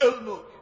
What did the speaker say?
el nume.